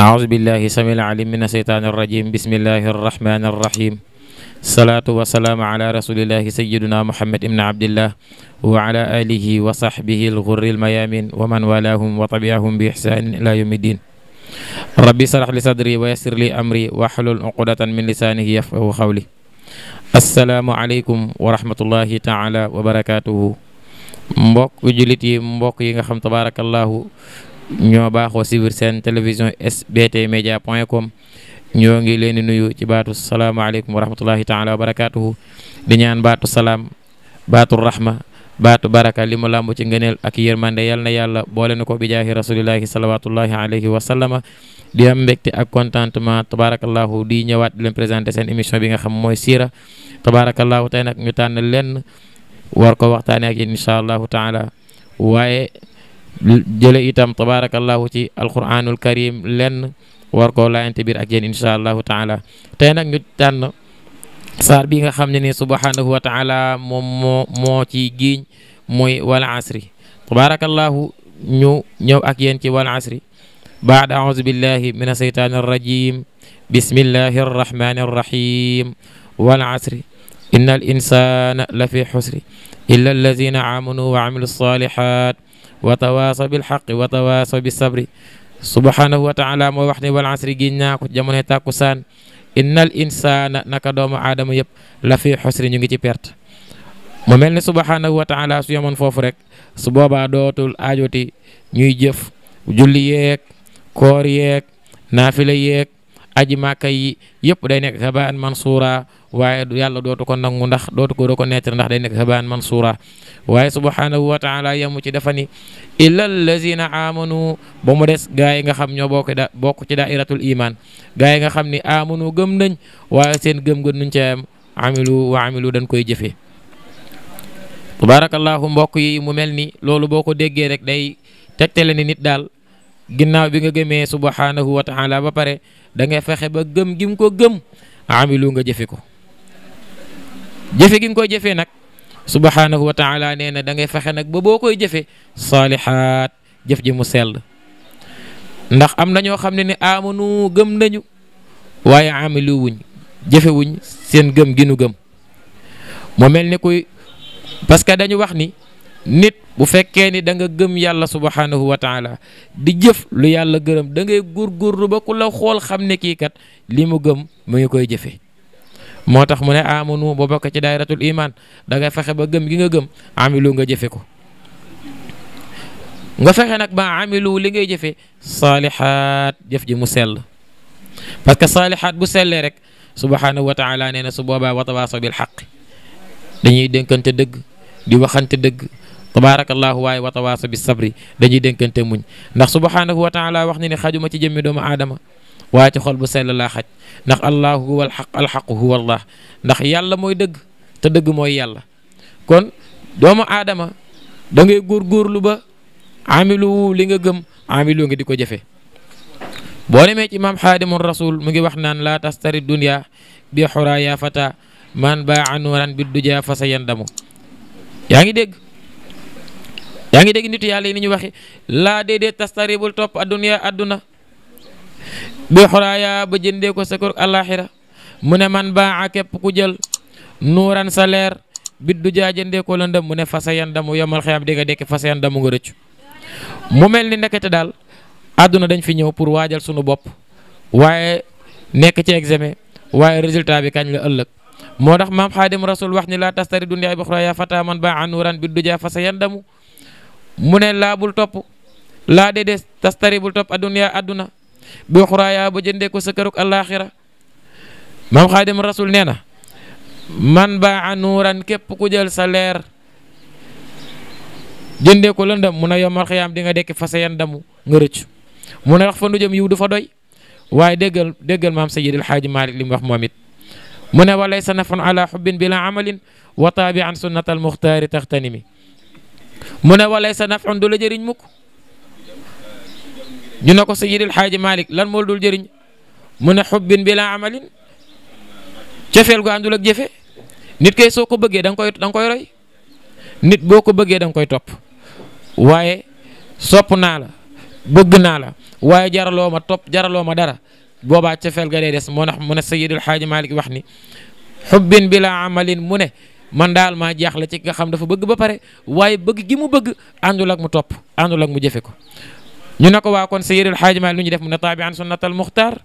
أعوذ بالله السميع العليم من الشيطان الرجيم بسم الله الرحمن الرحيم الصلاة والسلام على رسول الله سيدنا محمد بن عبد الله وعلى آله وصحبه الغر الميامين ومن والاهم وطبعهم بإحسان إلى يوم الدين ربي اشرح لي صدري ويسر لي أمري واحلل عقدة من لسانه يفقهوا قولي السلام عليكم ورحمة الله تعالى وبركاته mbokk jullit yi mbokk yi nga xam tabarakallahu ñoo baaxoo suivre seen télévision sbt média point com ñoo ngi leen di nuyu ci baatu salaamaaleykum wa rahmatullahi taala wa barakaatuhu di ñaan baatu salaam baatu rahma baatu baraka li mu làmb ci ngëneel ak yërmande yal na yàlla boole na ko bi jaahi rasulillahi salawatullahi alayhi wa sallama di am mbégte ak contentement tabarakallahu di ñëwaat di leen présenté seen émission bi nga xam mooy siira tabarakallahu tey nag ñu tànn lenn war ko waxtaanee ak yéen incha allahu jële itam tabarakallahu ci alquranul karim lenn war koo laayante biir ak yéen la allahu taala tey nag ñu tànn saar bi nga xam ne ni subhanahu wa taala moom moo moo ci giiñ mooy wal asri tabarakallahu ñu ñëw ak yéen ci wal asri baad aouzu billahi min asheytaani arrajim bismillahi arrahmani arrahim wal asri inna al insana la fi xusri illa allazina amanu wa amilu salihat wa tawaasaw bil xaqi wa bi bis sabri subhaanahu wa taala moo wax ni wal asri giñ naa ko jamonoy tàkkusaan innal insaana naka doomu aadama yëpp la fi xusri ñu ngi ci perte mu mel ni subhaanahu wa taala su yemoon foofu rek su boobaa dootul aajoti ñuy jëf julli yeeg koor yeeg naafila yeeg aji màkka yi yëpp day nekk xabaan mansuura waaye yàlla dootu ko nangu ndax dootu ko reconnaître ndax day nekk habaan mansuura waaye subhaanahu wa taala yemu ci dafa ni illa allazina aamanu ba mu des gaa yi nga xam ñoo bokk da bokk ci daairatul iman gaa yi nga xam ni aamanu gëm nañ waaye seen gëm gën nuñ ca am amilu wa amilu dañ koy jëfee tabaarakallaahu mbokk yi mu mel ni loolu boo ko déggee rek day tegtale ni nit daal ginnaaw bi nga gëmee subhaanahu wa taala ba pare da ngay fexe ba gëm gim ko gëm amilu nga jëfe ko jëfe gi nga koy jëfee nag subhaanahu wa taala nee na da ngay fexe nag ba boo koy jëfee saalihaat jëf ji mu sell ndax am na ñoo xam ne ni amanu gëm nañu waaye amilu wuñ jëfe wuñ seen gëm gi nu gëm mu mel ni kuy parce que dañu wax ni nit bu fekkee ni danga gëm yàlla subhaanahu wa taala di jëf lu yàlla gërëm da ngay góorgóorlu ba ku la xool xam ne kii kat li mu gëm mu ngi koy jëfe moo tax mu ne amanu boo bokk ci daayratul iman da ngay fexe ba gëm gi nga gëm amilu nga jëfe ko nga fexe nag ba amilu li ngay jëfe saalihaat jëf ji mu sell parce que saalihaat bu sellee rek subhanahu wa taala nee na su boobaa wa tawaasaw bil xaq dañuy dénkante dëgg di waxante dëgg tabaarakallaahu waaye wa tawaasaw bis sabri dañuy dénkante muñ ndax subhanahu wa taala wax ne ne xajuma ci jëmmi doomu aadama waaye ci xol bu sell laa xaj ndax allahu huwa alxaq alxaqu huwa allah ndax yàlla mooy dëgg te dëgg mooy yàlla kon doomu aadama da ngay góorgóorlu ba amilu li nga gëm amilu nga di ko jëfe boo demee ci imaam xaadimul rasul mu ngi wax naan laa tastari dunya bi xura ya fata man ba anuran bi duja fa sa yandamu yaa ngi dégg yaa yàlla yi ni ñu waxe laa déedee tastari bul topp addunya adduna bi xuraaya ba jëndee ko sa kër àllaaxira mu ne man baa képp ku jël nuuran sa leer bit jaa jëndee ko lëndëm mu ne fasa yan damu yomal xeyaam di nga dekki fasa yan damu nga rëccu mu mel ni ndekete daal àdduna dañ fi ñëw pour waajal sunu bopp waaye nekk ci examen waaye résultat bi kañ la ëllëg moo tax maam xaadim rasul wax ni laa tastari dundiyaay bi xuraaya fata man baa nuuran bit du jaa fasa yan damu mu ne laa bul topp laa dee des tastari bi xuraaya ba jëndee ko sa këruk àllaaxira maam xaadim rasul nee na man baa nuuran képp ku jël sa leer jëndee ko lëndam mu ne yomal xiyaam di nga dekki fa sa yandamu nga rëcc mu ne wax fa nu jëm yiw du fa doy waaye déggal déggal maam sayid alxaaji malik li mu wax moom it mu ne walay sa nafan ala xubbin bila amalin wa taabi an sunnat almuxtaari taxtanimi mu ne walay sa nafan du la jëriñ mukk ñu ne ko Seydil Xaaji Malick lan moo dul jëriñ mu ne xubbin bi laa amalin cofeel gu àndul ak jëfe nit kay soo ko bëggee da nga koy da nga koy roy nit boo ko bëggee da nga koy topp waaye sopp naa la bëgg naa la waaye jaraloo ma topp jaraloo ma dara boobaa cofeel ga day des moo tax mu ne Seydil Xaaji Malick wax ni xubbin bi laa amalin mu ne man daal maa jaaxle ci nga xam dafa bëgg ba pare waaye bëgg gi mu bëgg àndul mu topp àndul mu jëfe ko ñu ne waa kon Seydil Hadji maa lu ñu def mu ne taabi an sunnatal muxtaar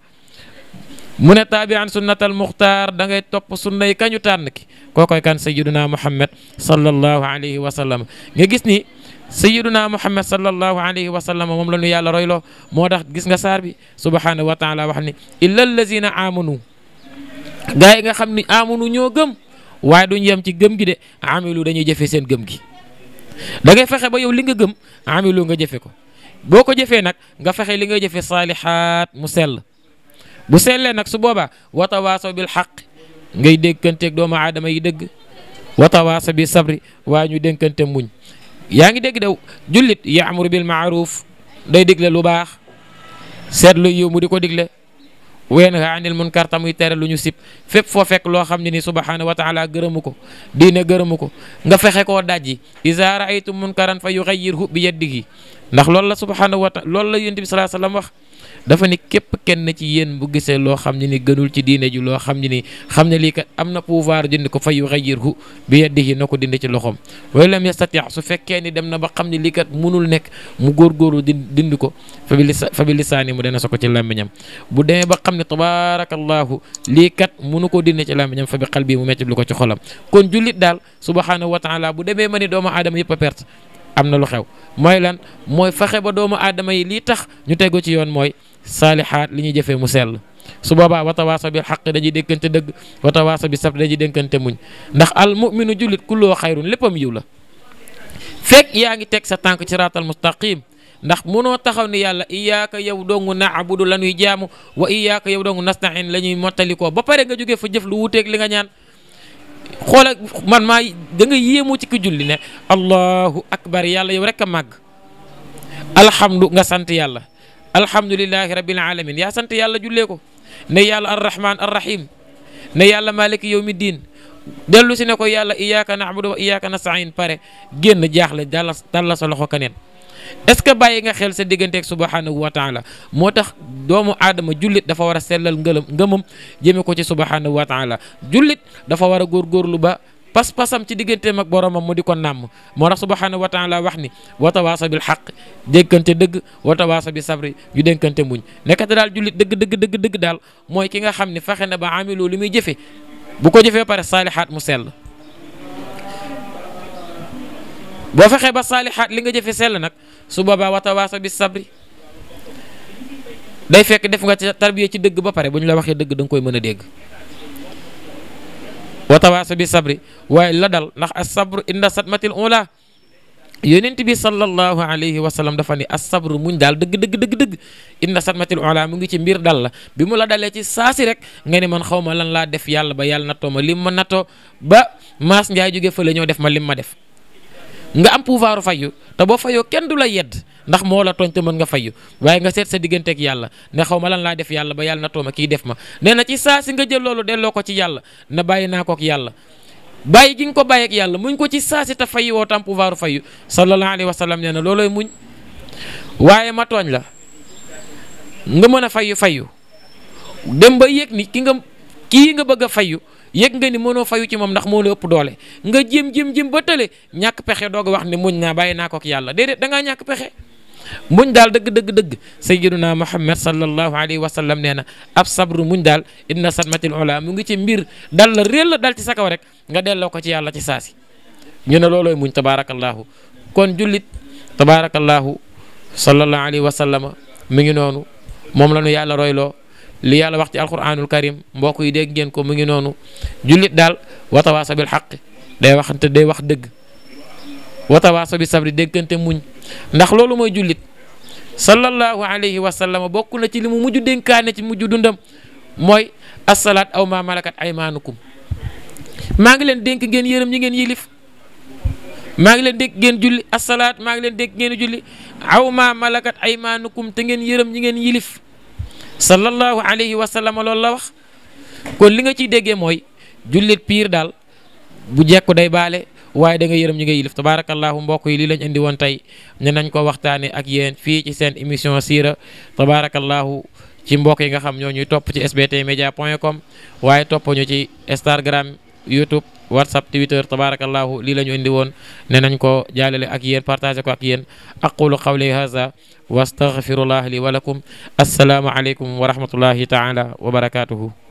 mu ne taabi an sunnatal muxtaar da ngay topp sunna yi kañu tànn ki kookoy kan Sayyiduna Muhammad sallallahu alayhi wa sallam nga gis ni Sayyiduna Muhammad sallallahu alayhi wa sallam moom la ñu yàlla royloo moo tax gis nga saar bi subhaanahu wa taala wax ni illa allazina amanu gaa yi nga xam ni amanu ñoo gëm waaye duñ yem ci gëm gi de amilu dañuy jëfe seen gëm gi da fexe ba yow li nga gëm amilu nga jëfe ko boo ko jëfee nag nga fexe li ngay jëfee saalihaat mu sell bu sellee nag su boobaa watawaaso bi xaq ngay dénkanteeg doomu aadama yi dëgg watawaaso bi sabri waaye ñu dénkante muñ yaa ngi dégg daw jullit yaamuru bil maaruf day digle lu baax seet lu yiw mu di ko digle ween ha anil munkar tamuy tere lu ñu sib fépp foo fekk loo xam ne ni subhanahu wa taala gërëmu ko diine gërëmu ko nga fexe koo dajji iza raaytum munkaran fa yuxayyirhu bi gi ndax loolu la subhanahu wa taala loolu la yonent bi sallallahu alayhi wa sallam wax dafa ni képp kenn ci yéen bu gisee loo xam ne ni gënul ci diine ji loo xam ne ni xam ne lii kat am na pouvoir dindi ko fa yuxayyirhu bi yadihi na ko dindi ci loxoom wa lam yastati su fekkee ni dem na ba xam ne lii kat munul nekk mu góorgóorlu di dindi ko fa bi lisa fa bi lisaani sa ko ci làmmiñam bu demee ba xam ne tabaarakallaahu lii kat munu ko dindi ci làmmiñam fa bi qalbi mu metti lu ko ci xolam kon jullit daal subhaanahu wa taala bu demee ma ni doomu aadama yëpp a perte am na lu xew mooy lan mooy fexe ba doomu aadama yi lii tax ñu tegu ci yoon mooy saalihaat li ñuy jëfee mu sell su boobaa watawaaso bi xaq dañuy dénkante dëgg watawaaso bi sabr dañuy dénkante muñ ndax al muminu jullit kuloo xayrun léppam yiw la fekk yaa ngi teg sa tànk ci raatal mustaqim ndax munoo taxaw ni yàlla iyaaka yow dongu naabudu la ñuy jaamu wa iyaaka yow dongu nastain la mottalikoo ba pare nga jógee fa jëf lu wuuteeg li nga ñaan xoola man maa da nga yéemoo ci ki julli ne allahu akbar yàlla yow rek a màgg alhamdu nga sant yàlla alhamdulilahi rabbil alamin yaa sant yàlla jullee ko ne yàlla arrahman arrahim ne yàlla maliki yawmi diin dellu si ne ko yàlla na na'budu wa iyyaka nasta'in pare génn jaaxle dalla dalla sa loxo keneen est-ce que bàyyi nga xel sa digganteeg subhanahu wa taala moo tax doomu aadama jullit dafa war a sellal ngëlam ngëmam jëme ko ci subhanahu wa taala jullit dafa war a góorgóorlu ba pas-pasam ci digganteem ak boromam mu di ko nàmm moo tax subhanahu wa taala wax ni watawaasa bil xaq dénkante dëgg watawaasa bi sabri yu dénkante muñ nekkate daal jullit dëgg dëgg dëgg daal mooy ki nga xam ne fexe na ba amiloo li muy jëfe bu ko jëfee pare saalihaat mu sell boo fexee ba saalihaat li nga jëfe sell nag su boobaa watawaaso bi sabri day fekk def nga tarbiya ci dëgg ba pare bu ñu la waxee dëgg da nga koy mën a dégg watawaaso bi sabri waaye la dal ndax as sabru inda satmatil ula yonent bi sallallahu alayhi wa sallam dafa ni as sabru muñ daal dëgg dëgg dëgg dëgg inda satmatil ula mu ngi ci mbir dal la bi mu la dalee ci saasi rek nga ne man xaw ma lan laa def yàlla ba yàlla nattoo ma lim ma nattoo ba maas njaay jóge fële ñoo def ma lim ma def nga am pouvoir fayu te boo fayoo kenn du la yedd ndax moo la tooñ te mën nga fayu waaye nga seet sa digganteeg yàlla ne xaw ma lan laa def yàlla ba yàlla na tooma kii def ma nee na ci saa si nga jël loolu delloo ko ci yàlla na bàyyi naa ko ak yàlla bàyyi gi nga ko bàyyi yàlla muñ ko ci saa si te fayu woo tam pouvoir fayu sallallahu alayhi wa sallam nee na looloy muñ waaye ma tooñ la nga mën a fayu fayu dem ba yëg ni ki nga kii nga bëgg a fayu yëg nga ni mënoo fayu ci moom ndax moo la ëpp doole nga jéem jéem jéem ba tële ñàkk pexe doo a wax ne muñ naa bàyyi naa ko ak yàlla déedéet da ngaa ñàkk pexe. muñ daal dëgg dëgg dëgg sayyiduna muhammad sallallahu alayhi wa sallam nee na ab sabru muñ daal inna sadmatil ula mu ngi ci mbir dal la réel la dal ci sa kaw rek nga delloo ko ci yàlla ci saasi ñu ne loolooy muñ tabaarakallahu kon jullit tabaarakallahu sallallahu alayhi wa sallam mi ngi noonu moom la nu yàlla royloo li yàlla wax ci alquranul karim mbokk yi dégg ngeen ko mu ngi noonu jullit daal watawaasa bil xaq day waxante day wax dëgg watawaasa bi sabri déggante muñ ndax loolu mooy jullit sallallahu alayhi wa sallam bokk na ci li mu mujj dénkaane ci mujj dundam mooy asalaat aw ma malakat aymaanukum maa ngi leen dénk ngeen yërëm ñi ngeen yilif maa ngi leen dénk ngeen julli asalaat maa ngi leen dénk ngeen julli aw ma malakat aymaanukum te ngeen yërëm ñi ngeen yilif sallallahu alayhi wa sallam loolu la wax kon li nga ciy déggee mooy jullit piir daal bu jekku day baale waaye da nga yërëm ñi nga yilif tabaarakallaahu mbokk yi lii lañ indi woon tey ne nañ ko waxtaanee ak yéen fii ci seen émission siira tabaarakallaahu ci mbokk yi nga xam ñoo ñuy topp ci sbtmedia point com waaye topp ñu ci Instagram YouTube whatsapp twitter tabarakallahu lii la ñu indi woon ne nañ ko jaalale ak yéen partagé ko ak yéen aqulu qawli hadha wa astaghfirullah li wa lakum assalaamu aleykum wa rahmatullahi taala wa barakatuhu